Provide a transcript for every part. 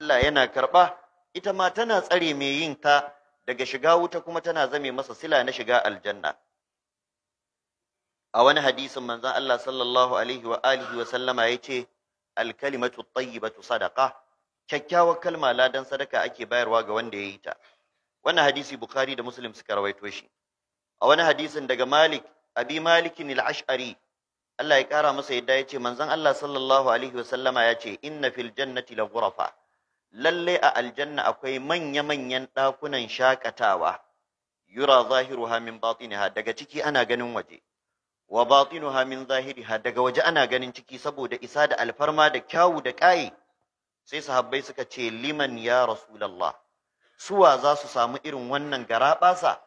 Allah yana karɓa ita ma tana tsare mai yin ta daga shiga wuta kuma tana zame masa sila na shiga aljanna a wani hadisin manzan Allah sallallahu alaihi wa alihi wa sallama yace al-kalimatu at-tayyibatu sadaqa kyakkyawar kalma ladan sadaka ake bayarwa ga wanda ya yi ta Wani hadisi bukhari da muslim suka rawaito shi a wani hadisin daga malik abi malikin al-ash'ari Allah ya kara masa yadda yace manzan Allah sallallahu alaihi wa sallama yace inna fil jannati la ghurafa lalle a aljanna akwai manya-manyan ɗakunan shakatawa yura zahiru min ha daga ciki ana ganin waje wa batinuha min ha daga waje ana ganin ciki saboda isa da alfarma da kyawu da ƙayi sai sahabbai suka ce liman ya rasulallah suwa za su samu irin wannan garaɓasa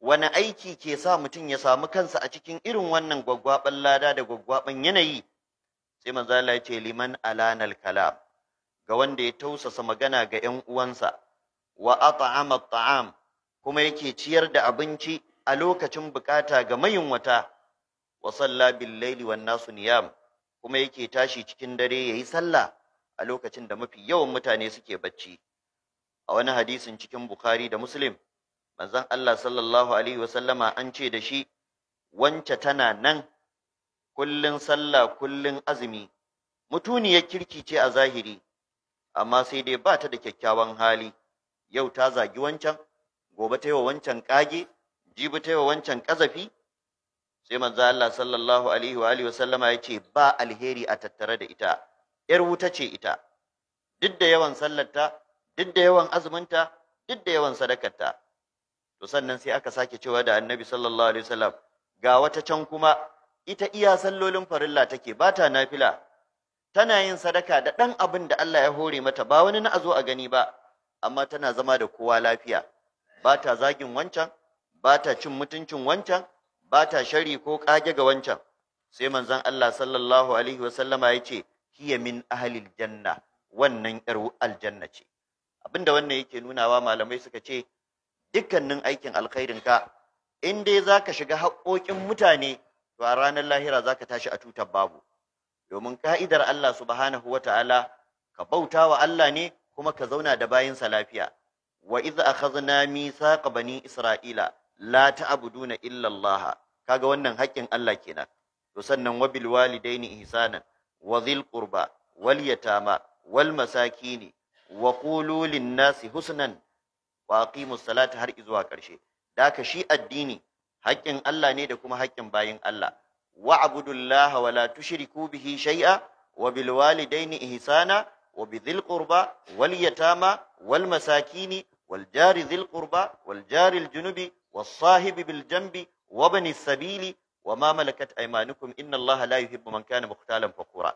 wani aiki ke sa mutum ya samu kansa a cikin irin wannan gwaggwaɓan lada da gwaggwaɓan yanayi sai manzo Allah ya ce liman alanal kalam ga wanda ya tausasa magana ga ‘yan uwansa, wa at'ama ta'am kuma yake ciyar da abinci a lokacin bukata ga mayunwata, wa salla bil laili wan nasu niyam kuma yake tashi cikin dare yayi sallah a lokacin da mafi yawan mutane suke bacci. A wani hadisin cikin Bukhari da Muslim, manzon Allah sallallahu alaihi wasallama an ce da shi, wance tana nan kullun sallah kullun azumi, mutuniyar kirki ce a zahiri. amma sai dai ba ta da kyakkyawan hali yau ta zagi wancan gobe ta yi wa wancan kage jibi ta yi wa wancan kazafi sai manzo Allah sallallahu alaihi wa alihi wa sallama yace ba alheri a tattare da ita yar wuta ce ita duk da yawan sallarta duk da yawan azuminta duk da yawan sadakarta to sannan sai aka sake cewa da annabi sallallahu alaihi wasallam ga wata can kuma ita iya sallolin farilla take ba ta nafila tana yin sadaka da ɗan abin da Allah ya hore mata ba wani na a zo a gani ba amma tana zama da kowa lafiya ba ta zagin wancan ba ta cin mutuncin wancan ba ta shari ko kage ga wancan sai manzon Allah sallallahu alaihi wasallama ya ce hiya min ahlil janna wannan yar aljanna ce abinda wannan yake nunawa malamai suka ce dukkanin aikin alkhairin ka in dai zaka shiga haƙoƙin mutane to a ranar lahira zaka tashi a tutar babu domin ka'idar Allah subhanahu wa ta'ala ka bauta wa Allah ne kuma ka zauna da bayinsa lafiya wa iz akhadna mithaqa bani isra'ila la abudu na Allah kaga wannan haƙƙin Allah kenan to sannan wa bil walidaini ihsanan wa dhil qurba wal yatama wal masakini wa qulu nasi husnan wa aqimus salata har izuwa ƙarshe da ka shi addini haƙƙin Allah ne da kuma haƙƙin bayin Allah واعبدوا الله ولا تشركوا به شيئا وبالوالدين إحسانا وبذي القربى واليتامى والمساكين والجار ذي القربى والجار الجنب والصاحب بالجنب وابن السبيل وما ملكت أيمانكم إن الله لا يحب من كان مختالا فخورا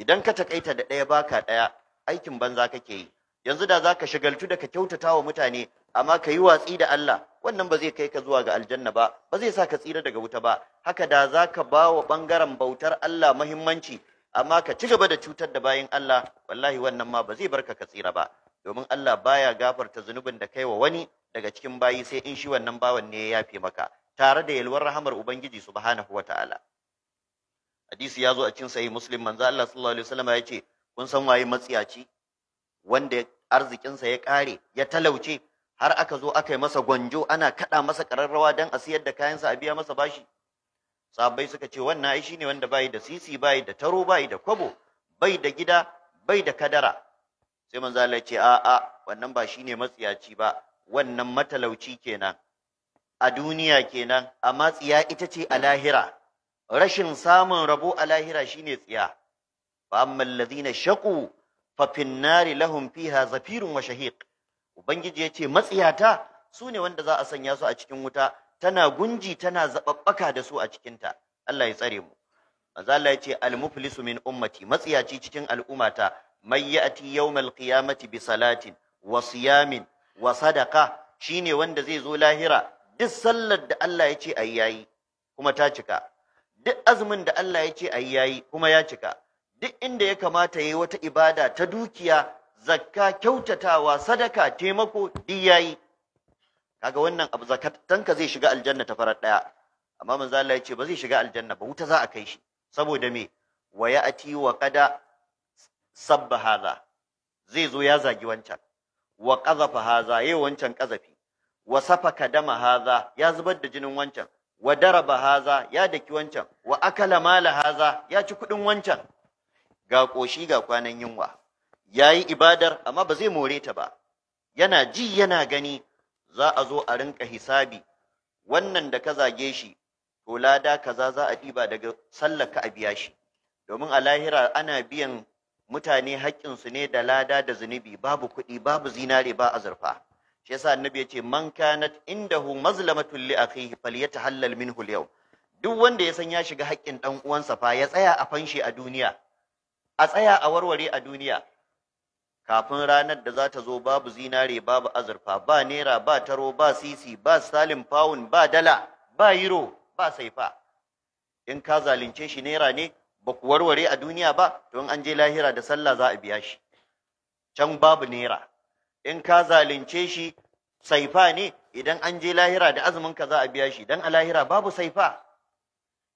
idan ka takaita da ɗaya baka ɗaya aikin banza kake yi yanzu da zaka shigaltu da ka kyautata wa mutane amma ka yi watsi da Allah wannan ba zai kai ka zuwa ga aljanna ba ba zai sa ka tsira daga wuta ba haka da za ka ba wa ɓangaren bautar Allah mahimmanci amma ka ci gaba da cutar da bayan Allah wallahi wannan ma ba zai barka ka tsira ba domin Allah baya gafarta zunubin da kai wa wani daga cikin bayi sai in shi wannan bawan ne ya yafe maka tare da yalwar rahamar ubangiji subhanahu wataala hadisi ya zo a cikin sahih muslim manzo Allah sallallahu alaihi wasallam ya ce kun san waye matsiyaci wanda arzikinsa ya kare ya talauce har aka zo aka yi masa gwanjo ana kaɗa masa ƙararrawa don a siyar da kayansa a biya masa bashi Sabai suka ce wannan ai shine wanda bai da sisi bai da taro bai da kwabo bai da gida bai da kadara sai manzo Allah ya ce a a wannan ba shine matsiyaci ba wannan matalauci kenan a duniya kenan amma tsiya ita ce a lahira rashin samun rabo a lahira shine tsiya fa ammal ladina shaqu fa fin nari lahum fiha zafirun wa shahiq ubangiji ya ce matsiyata su ne wanda za a sanya su a cikin wuta tana gunji tana zaɓaɓɓaka da su a cikinta. Allah ya tsare mu manzo Allah ya ce muflisu min ummati matsiyaci cikin al'ummata may ya'ti yawmal qiyamati bi salatin wa siyamin wa sadaqa shine wanda zai zo lahira duk sallar da Allah ya ce ayyayi kuma ta cika duk azumin da Allah ya ce ayyayi kuma ya cika duk inda ya kamata yayi wata ibada ta dukiya zakka kyautatawa sadaka taimako diyayi kaga wannan abu zakatanka zai shiga aljanna ta farar daya amma manzo Allah ya ce ba zai shiga aljanna ba wuta za a kai shi saboda me wa ya'ti wa qada sabba hadha zai zo ya zagi wancan wa qazafa hadha yayi wancan qazafi wa safaka dama hadha ya zubar da jinin wancan wa daraba haza ya daki wancan wa akala mala haza ya ci kudin wancan ga koshi ga kwanan yunwa ya yi ibadar amma ba zai more ta ba yana ji yana gani za a zo a rinka hisabi wannan da ka zage shi to lada kaza za a ɗiba daga sallar ka a biya shi domin a lahira ana biyan mutane haƙƙinsu ne da lada da zunubi babu kuɗi babu zinare ba azurfa shi yasa annabi ya ce man kanat indahu mazlamatun li akhihi falyatahallal minhu al-yawm duk wanda ya san ya shiga haƙƙin dan uwansa fa ya tsaya a fanshi a duniya a tsaya a warware a duniya kafin ranar da za ta zo babu zinare babu azurfa ba naira ba taro ba sisi ba salim pound ba dala ba euro ba saifa in ka zalunce shi naira ne ba ku warware a duniya ba to in an je lahira da sallah za a biya shi can babu naira in ka zalunce shi saifa ne idan an je lahira da azumin ka za a biya shi dan a lahira babu saifa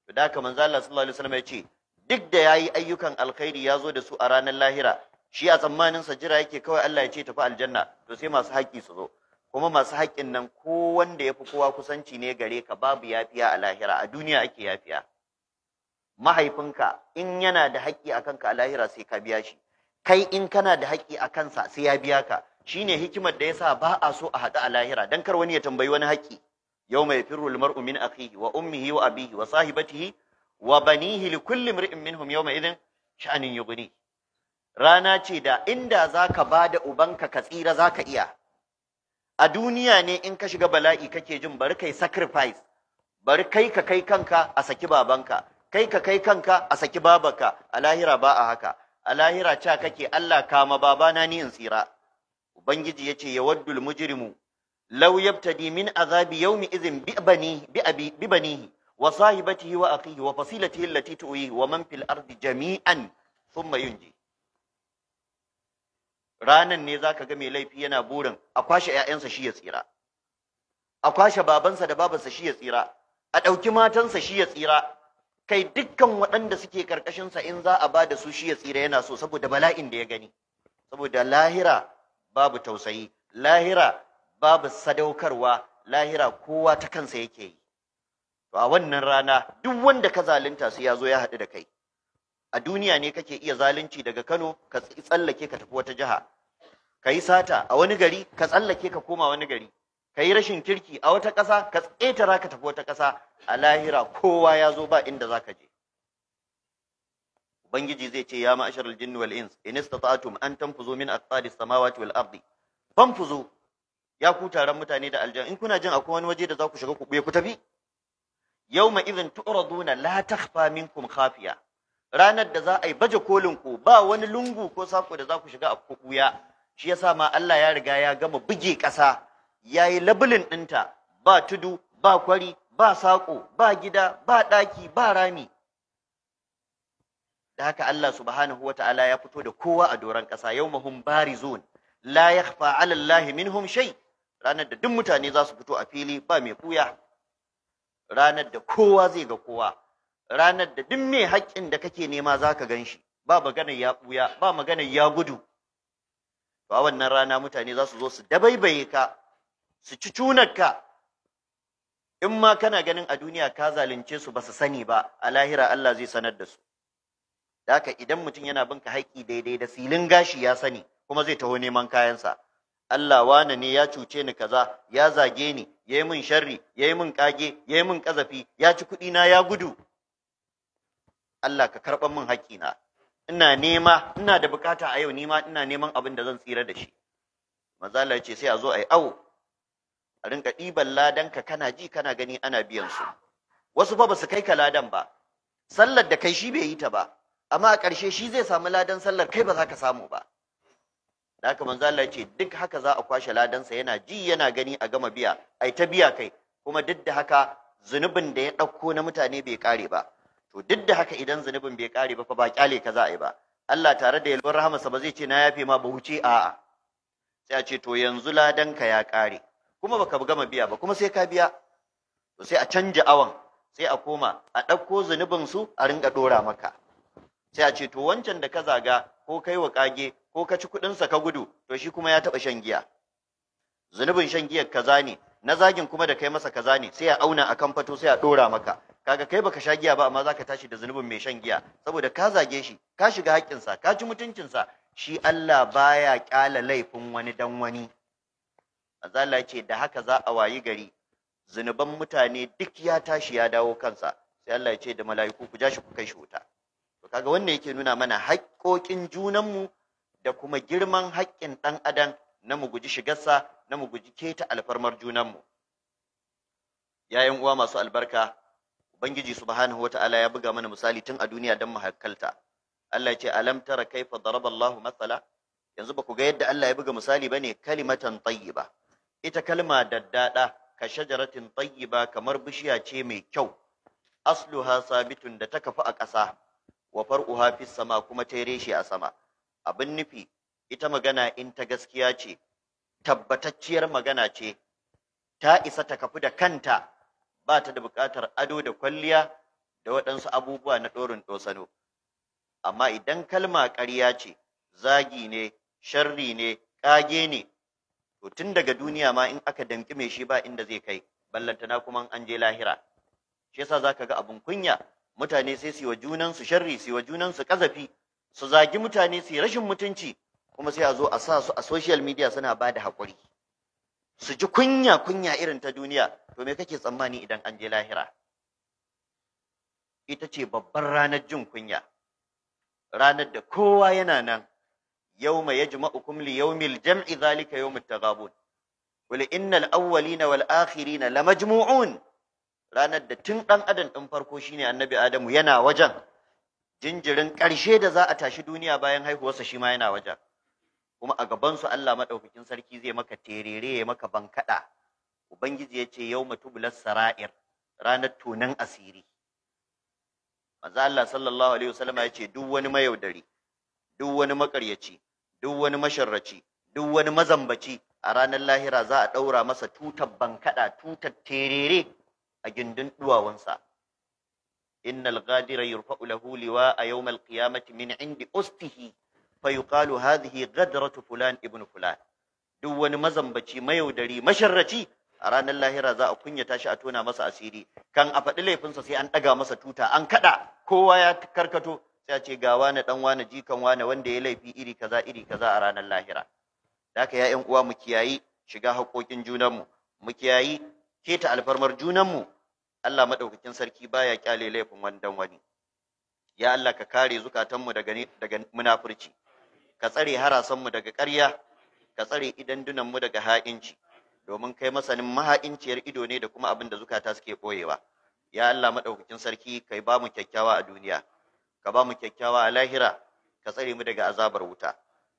to da ka manzo Allah sallallahu alaihi wasallam ya ce duk da yayi ayyukan alkhairi ya zo da su a ranar lahira shi a tsammanin sa jira yake kawai Allah ya ce tafi aljanna to sai masu haƙƙi su zo kuma masu haƙƙin nan ko wanda fi kowa kusanci ne gare ka babu yafiya a lahira a duniya ake yafiya mahaifinka in yana da haƙƙi a kanka a lahira sai ka biya shi kai in kana da haƙƙi a kansa sai ya biya ka shine hikimar da yasa ba a so a haɗu a lahira dan kar wani ya tambayi wani haƙƙi yau mai firru almar'u min akhihi wa ummihi wa abihi wa sahibatihi wa banihi li kulli minhum yawma idhin sha'anin yughni rana ce da inda za ka ba da ubanka ka tsira za ka iya a duniya ne in ka shiga bala'i kake jin bari kai sacrifice bari kai ka kai kanka a saki babanka kai ka kai kanka a saki babanka a lahira ba a haka a lahira ca kake Allah kama babana ni in tsira ubangiji yace yawaddul mujrimu law yabtadi min azabi yaumi izin bi banihi bi wa sahibatihi wa akhihi wa fasilatihi allati tu'ihi wa man fil ardi jami'an thumma yunji ranan ne za ka ga mai laifi yana burin a kwashe 'ya'yansa shi ya tsira a kwashe babansa da babansa shi ya tsira a ɗauki matansa shi ya tsira kai dukkan waɗanda suke ƙarƙashinsa in za a ba da su shi ya tsira yana so saboda bala'in da ya gani saboda lahira babu tausayi lahira babu sadaukarwa lahira kowa ta kansa yake yi to a wannan rana duk wanda ka zalunta su ya zo ya haɗu da kai a duniya ne kake iya zalunci daga Kano ka tsallake ka tafi wata jiha ka yi sata a wani gari ka tsallake ka koma wani gari ka yi rashin kirki a wata ƙasa ka tsetara ka tafi wata ƙasa a lahira kowa ya zo ba inda za ka je ubangiji zai ce ya ma'ashar aljinnu wal ins in istata'tum an tanfuzu min aqtari samawati wal ardi fanfuzu ya ku taron mutane da aljanna in kuna jin akwai wani waje da za ku shiga ku buye ku tafi yawma idhin tu'raduna la takhfa minkum khafiya ranar da za a yi baje kolin ku ba wani lungu ko sako da za ku shiga a ku buya shi yasa ma Allah ya riga ya gama buge ƙasa ya yi labulin ɗinta ba tudu ba kwari ba saƙo ba gida ba ɗaki ba rami da haka Allah subhanahu wata'ala ya fito da kowa a doron ƙasa yau mahum barizun la fa alallahi min hum shai ranar da duk mutane za su fito a fili ba mai kuya ranar da kowa zai ga kowa ranar da duk mai haƙƙin da kake nema za ka gan shi ba maganar ya ɓuya ba maganar ya gudu Ba wannan rana mutane za su zo su dabaibaye ka su ci cunarka in ma kana ganin a duniya ka zalunce su ba su sani ba a lahira Allah zai sanar da su haka idan mutum yana binka haƙƙi daidai da silin gashi ya sani kuma zai taho neman kayansa Allah wane ne ya cuce ni kaza ya zage ni ya yi min sharri ya yi min kage ya yi min kazafi ya ci kuɗi na ya gudu Allah ka karɓar min haƙƙina ina nema ina da bukata a yau nima ina neman abin da zan tsira da shi manzala ce sai a zo a yi awo a rinka ɗiban ladanka kana ji kana gani ana biyan su wasu fa ba su kai ka ladan ba sallar da kai shi bai yi ta ba amma a ƙarshe shi zai samu ladan sallar kai ba za ka samu ba da haka manzo ce duk haka za a kwashe ladansa yana ji yana gani a gama biya ai ta biya kai kuma duk da haka zunubin da ya ɗauko na mutane bai kare ba to duk da haka idan zunubin bai kare ba fa ba kyale ka za yi ba Allah tare da yalwar rahamarsa ba zai ce na yafe ma ba a'a sai a ce to yanzu ladan ka ya kare kuma baka gama biya ba kuma sai ka biya to sai a canja awan sai a koma a ɗauko zunubin su a ringa dora maka sai a ce to wancan da ka zaga ko kai wa kage ko ka ci sa ka gudu to shi kuma ya taɓa shan giya zunubin shan giyar kaza ne na zagin kuma da kai masa kaza ne sai a auna akan fato sai a ɗora maka kaga kai baka sha giya ba amma zaka tashi da zunubin mai shan giya saboda ka zage shi ka shiga haƙƙinsa ka ci mutuncinsa shi Allah baya kyala laifin wani dan wani azala ce da haka za a wayi gari zunuban mutane duk ya tashi ya dawo kansa sai Allah ya ce da mala'iku ku ja shi ku kai shi wuta to kaga wannan yake nuna mana haƙƙoƙin junanmu da kuma girman haƙƙin ɗan adam na mu guji shigarsa na mu guji keta alfarmar junanmu yayin uwa masu albarka ubangiji subhanahu wata'ala ya buga mana misali tun a duniya don mahakkalta Allah ya ce alam tara kaifa daraballahu matsala yanzu ba ku ga yadda Allah ya buga misali bane kalimatan tayyiba ita kalma daddada ka shajaratin tayyiba kamar bishiya ce mai kyau asluha sabitun da ta kafu a ƙasa wa far'uha fis sama kuma ta reshe a sama abin nufi ita magana in ta gaskiya ce tabbatacciyar magana ce ta isa ta kafu da kanta ba ta da buƙatar ado da kwalliya da waɗansu abubuwa na ɗorin ɗosano amma idan kalma ƙarya ce zagi ne sharri ne ƙage ne to tun daga duniya ma in aka damƙi mai shi ba inda zai kai ballantana kuma an je lahira shi yasa ka ga abin kunya mutane sai su yi wa junansu sharri su yi wa junansu ƙazafi su zagi mutane su yi rashin mutunci kuma sai a zo a sa su a social media suna ba da haƙuri su ji kunya kunya irin ta duniya to me kake tsammani idan an je lahira ita ce babbar ranar jin kunya ranar da kowa yana nan yawma yajma'ukum li yawmil jam'i zalika yawmut taghabun qul innal awwalina wal akhirina lamajmu'un ranar da tun dan adam din farko shine annabi adamu yana wajen jinjirin ƙarshe da za a tashi duniya bayan haihuwarsa shi ma yana wajen kuma a gabansu Allah maɗaukakin sarki zai maka terere ya maka bankaɗa ubangiji ya ce yau matubulas sara'ir ranar tunan asiri manzo Allah sallallahu alaihi wasallam ya ce duk wani mayaudari duk wani makaryaci duk wani masharraci duk wani mazambaci a ranar lahira za a ɗaura masa tutar bankaɗa tutar terere a gindin duwawansa innal ghadira yurfa'u lahu liwa a yawmal qiyamati min indi ustihi Fayuqalu, yuqalu hadhihi ghadratu fulan ibn fulan duk wani mazambaci mayaudari masharraci a ranar lahira za a kunya tashi a tona masa asiri kan a faɗi laifinsa sai an ɗaga masa tuta an kaɗa kowa ya karkato sai a ce ga wani ɗan wani jikan wani wanda ya laifi iri kaza iri kaza a ranar lahira da haka ya uwa mu kiyayi shiga haƙoƙin junanmu mu kiyayi keta alfarmar junanmu Allah maɗaukakin sarki baya kyale laifin dan wani ya Allah ka kare zukatanmu daga daga munafurci ka tsare harasanmu daga ƙarya ka tsare idandunanmu daga ha'inci domin kai masanin maha'inciyar ido ne da kuma abin da zukata suke ɓoyewa ya Allah maɗaukakin sarki kai ba mu kyakkyawa a duniya ka ba mu kyakkyawa a lahira ka tsare mu daga azabar wuta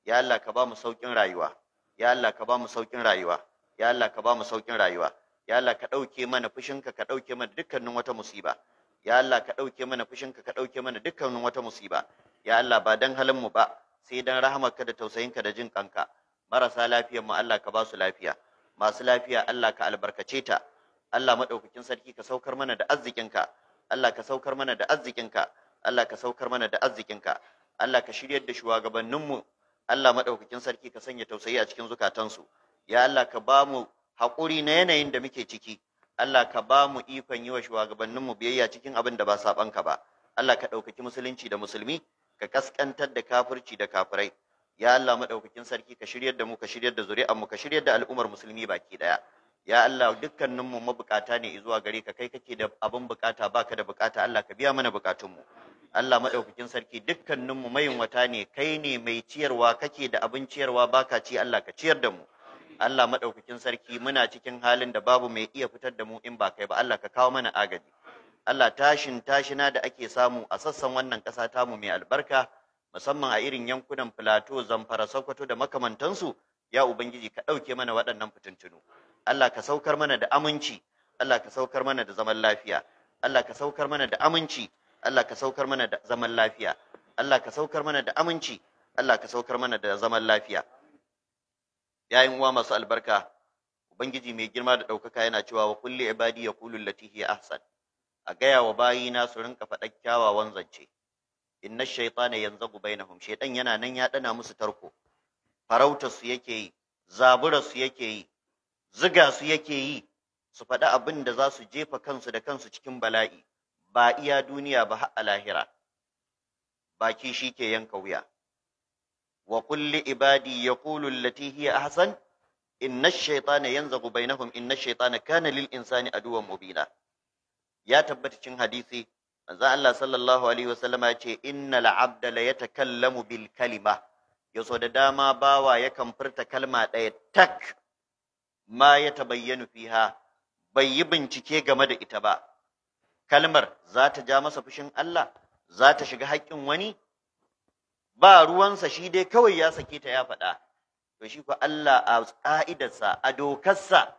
ya Allah ka ba mu sauƙin rayuwa ya Allah ka ba mu sauƙin rayuwa ya Allah ka ba mu sauƙin rayuwa ya Allah ka ɗauke mana fushinka ka ɗauke mana dukkanin wata musiba ya Allah ka ɗauke mana fushinka ka ɗauke mana dukkanin wata musiba ya Allah ba don halin mu ba sai dan rahamarka da ka da jin kanka marasa lafiyar mu Allah ka ba su lafiya masu lafiya Allah ka albarkace ta Allah madaukakin sarki ka saukar mana da arzikinka Allah ka saukar mana da arzikinka Allah ka saukar mana da arzikinka Allah ka shiryar da shugabanninmu Allah madaukakin sarki ka sanya tausayi a cikin zukatansu ya Allah ka ba mu haƙuri na yanayin da muke ciki Allah ka ba mu ikon yi wa shugabanninmu biyayya cikin abin da ba ka ba. Allah ka ɗaukaki musulunci da musulmi, ka kaskantar da kafirci da kafirai ya Allah madaukakin sarki ka shiryar da mu ka shiryar da zuri'an mu ka shiryar da al'ummar musulmi baki daya ya Allah dukkanin mu mabukata ne zuwa gare ka kai kake da abin bukata baka da bukata Allah ka biya mana bukatun mu Allah madaukakin sarki dukkanin mu mayunwata ne kai ne mai ciyarwa kake da abin ciyarwa baka ci Allah ka ciyar da mu Allah madaukakin sarki muna cikin halin da babu mai iya fitar da mu in ba kai ba Allah ka kawo mana agaji Allah tashin tashina da ake samu a sassan wannan ƙasa tamu mai albarka musamman a irin yankunan Filato, Zamfara, Sokoto da makamantansu ya ubangiji ka ɗauke mana waɗannan fitintunu Allah ka saukar mana da aminci Allah ka saukar mana da zaman lafiya Allah ka saukar mana da aminci Allah ka saukar mana da zaman lafiya Allah ka saukar mana da aminci Allah ka saukar mana da zaman lafiya yayin uwa masu albarka ubangiji mai girma da ɗaukaka yana cewa wa kulli ibadi yaqulu allati hiya ahsan a gaya wa bayina su rinka faɗa kyawawan zance inna shaytana yanzagu bainahum shaytan yana nan ya dana musu tarko farautar su yake yi zabura su yake yi ziga su yake yi su faɗa abin da za su jefa kansu da kansu cikin bala'i ba iya duniya ba har lahira baki shi ke yanka wuya wa kulli ibadi yaqulu allati hiya ahsan inna ash-shaytana yanzagu bainahum inna ash-shaytana kana lil insani aduwwan mubina ya tabbata cin hadisi manzo Allah sallallahu alaihi wasallam ya ce innal abda la yatakallamu bil kalima yaso da dama bawa yakan furta kalma ɗaya tak ma ya tabayyanu fiha bai yi bincike game da ita ba kalmar za ta ja masa fushin Allah za ta shiga haƙƙin wani ba ruwansa shi dai kawai ya sake ta ya faɗa to shi ko Allah a ƙa'idarsa a dokarsa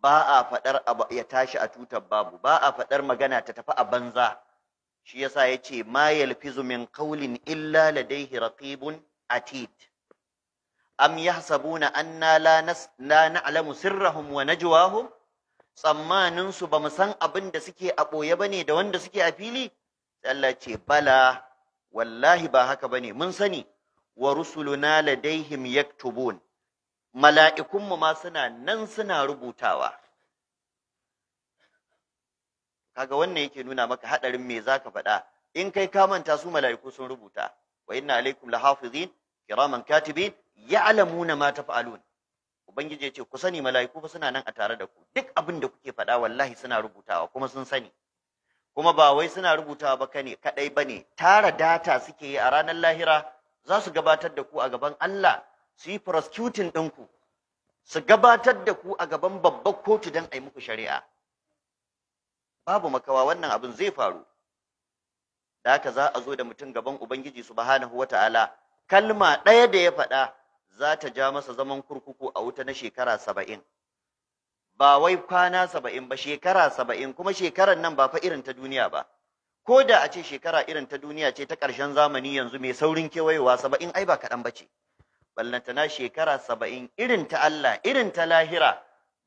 ba a faɗar ya tashi a tutar babu ba a faɗar magana ta tafi a banza shi yasa ya ce ma yalfizu min qawlin illa ladayhi raqibun atid am yahsabuna anna la nas la na'lamu sirrahum wa najwahum tsammanin su bamu san abin da suke a boye bane da wanda suke a fili Allah ce bala wallahi ba haka bane mun sani wa rusuluna ladaihim yaktubun mala'ikunmu ma suna nan suna rubutawa kaga wannan yake nuna maka haɗarin me za ka faɗa in kai ka manta su mala'iku sun rubuta wa inna alaikum lahafizin kiraman katibin na mata fa’alun. ubangiji ya ce ku sani mala'iku fa suna nan a tare da ku duk abin da kuke faɗa wallahi suna rubutawa kuma sun sani kuma ba wai suna rubutawa ba kane ba bane tara data suke yi a ranar lahira za su gabatar da ku a gaban Allah su yi prosecuting ɗinku su gabatar da ku a gaban babbar kotu don a yi muku shari'a babu makawa wannan abin zai faru da haka za a zo da mutum gaban ubangiji huwa wata'ala kalma ɗaya da ya faɗa za ta ja masa zaman kurkuku a wuta na shekara saba'in ba wai kwana saba'in ba shekara saba'in kuma shekarar nan ba fa irin ta duniya ba ko da a ce shekara irin ta duniya ce ta ƙarshen zamani yanzu mai saurin kewayewa saba'in ai ba kaɗan ba ce ballantana shekara saba'in irin ta Allah irin ta lahira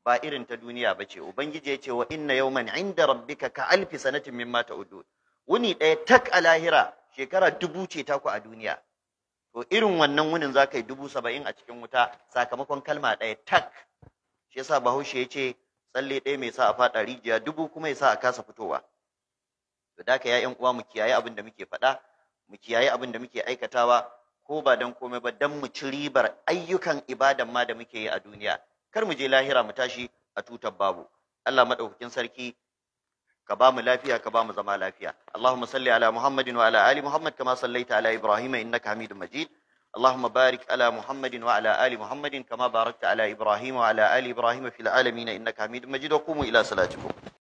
ba irin ta duniya ba ce ubangiji ya ce wa inna yawman inda rabbika ka alfi sanatin mimma udu wuni ɗaya tak a lahira shekara dubu ce taku a duniya to irin wannan wunin za ka yi dubu saba'in a cikin wuta sakamakon kalma ɗaya tak shi yasa bahaushe ya ce tsalle ɗaya mai sa a faɗa rijiya dubu kuma ya sa a kasa fitowa to da ka ya uwa mu kiyaye abin da muke faɗa mu kiyaye abin da muke aikatawa ko ba don komai ba don mu ci ribar ayyukan ibadan ma da muke yi a duniya kar mu je lahira mu tashi a tutar babu Allah madaukakin sarki ka ba mu lafiya ka ba mu zama lafiya Allahumma salli ala Muhammadin wa ala ali Muhammad kama sallaita ala Ibrahim innaka Hamidum Majid barik ala Muhammadin wa على محمد وعلى آل محمد كما باركت على إبراهيم وعلى آل إبراهيم في العالمين إنك حميد مجيد وقوموا إلى صلاتكم